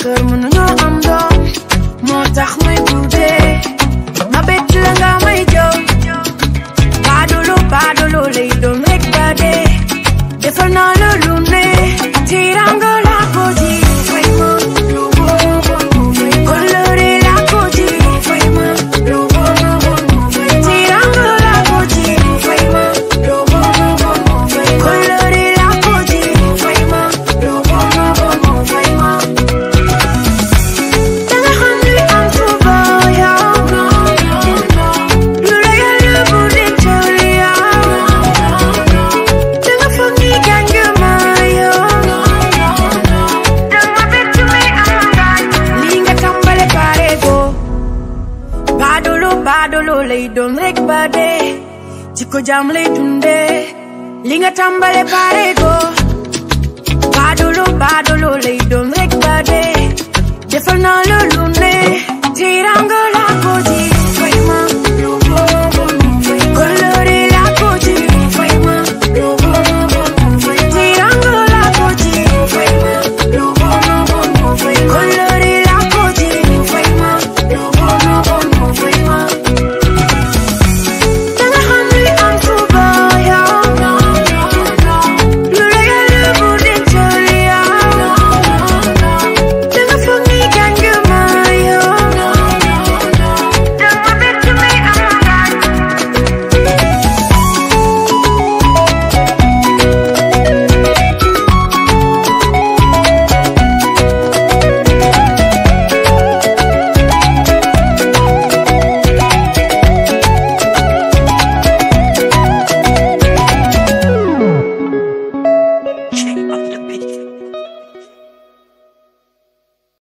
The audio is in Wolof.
kër mon am doom moo ma la Badolo le don rek bade chiko jikko jaam lay dundee li nga tàmbale pare